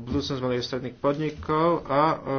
budúcnosť malých stredných podnikov a